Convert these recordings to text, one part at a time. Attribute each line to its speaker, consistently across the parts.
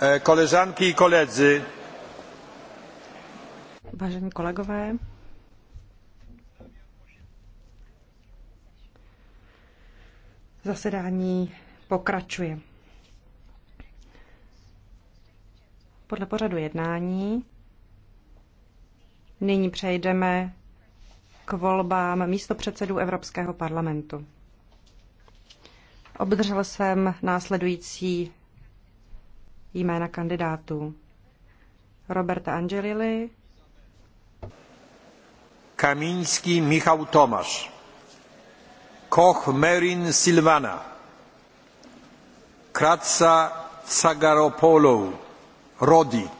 Speaker 1: Eh, koleżanki i koledzy.
Speaker 2: Vážení kolegové, zasedání pokračuje. Podle pořadu jednání nyní přejdeme k volbám místopředsedů Evropského parlamentu. Obdržel jsem následující jména kandidátů. Roberta Angelili.
Speaker 1: Kamínský Michał Tomasz. Koch Merin Silvana. Kratsa Tsagaropoulou. Rodi.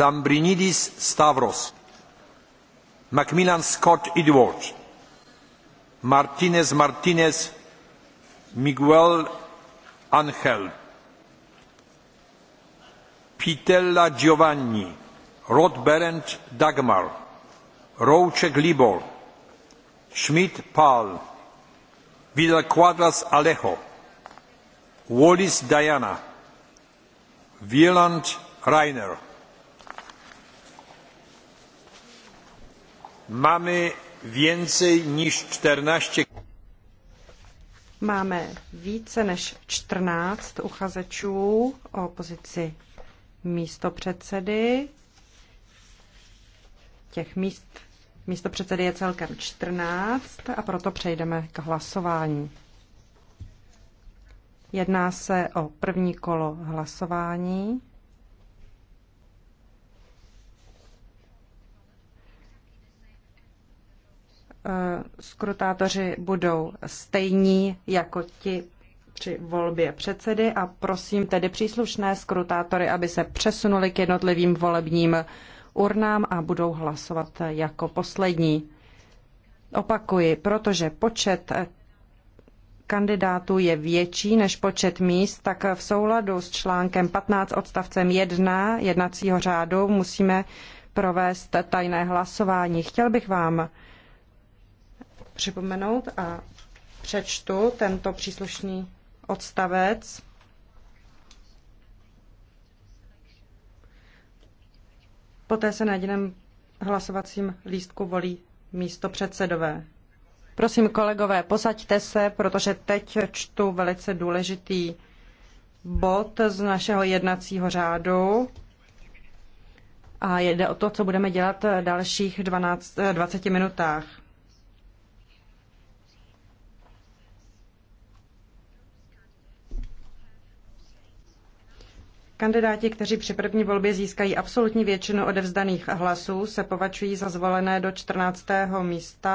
Speaker 1: Lambrinidis Stavros. Macmillan Scott Edward. Martinez Martinez. Miguel Angel Pitella Giovanni, Rothberend Dagmar, Rouček Libor, Schmidt Paul, Vidal Quadras Alejo, Wallis Diana, Wieland Reiner. Máme więcej niż 14
Speaker 2: Máme více než 14 uchazečů o pozici Místo předsedy. Těch míst, místo předsedy je celkem 14 a proto přejdeme k hlasování. Jedná se o první kolo hlasování. Eh, skrutátoři budou stejní jako ti při volbě předsedy a prosím tedy příslušné skrutátory, aby se přesunuli k jednotlivým volebním urnám a budou hlasovat jako poslední. Opakuji, protože počet kandidátů je větší než počet míst, tak v souladu s článkem 15 odstavcem 1 jednacího řádu musíme provést tajné hlasování. Chtěl bych vám připomenout a přečtu tento příslušný odstavec. Poté se na jediném hlasovacím lístku volí místo předsedové. Prosím, kolegové, posaďte se, protože teď čtu velice důležitý bod z našeho jednacího řádu. A jde o to, co budeme dělat v dalších 12, 20 minutách. Kandidáti, kteří při první volbě získají absolutní většinu odevzdaných hlasů, se považují za zvolené do 14. místa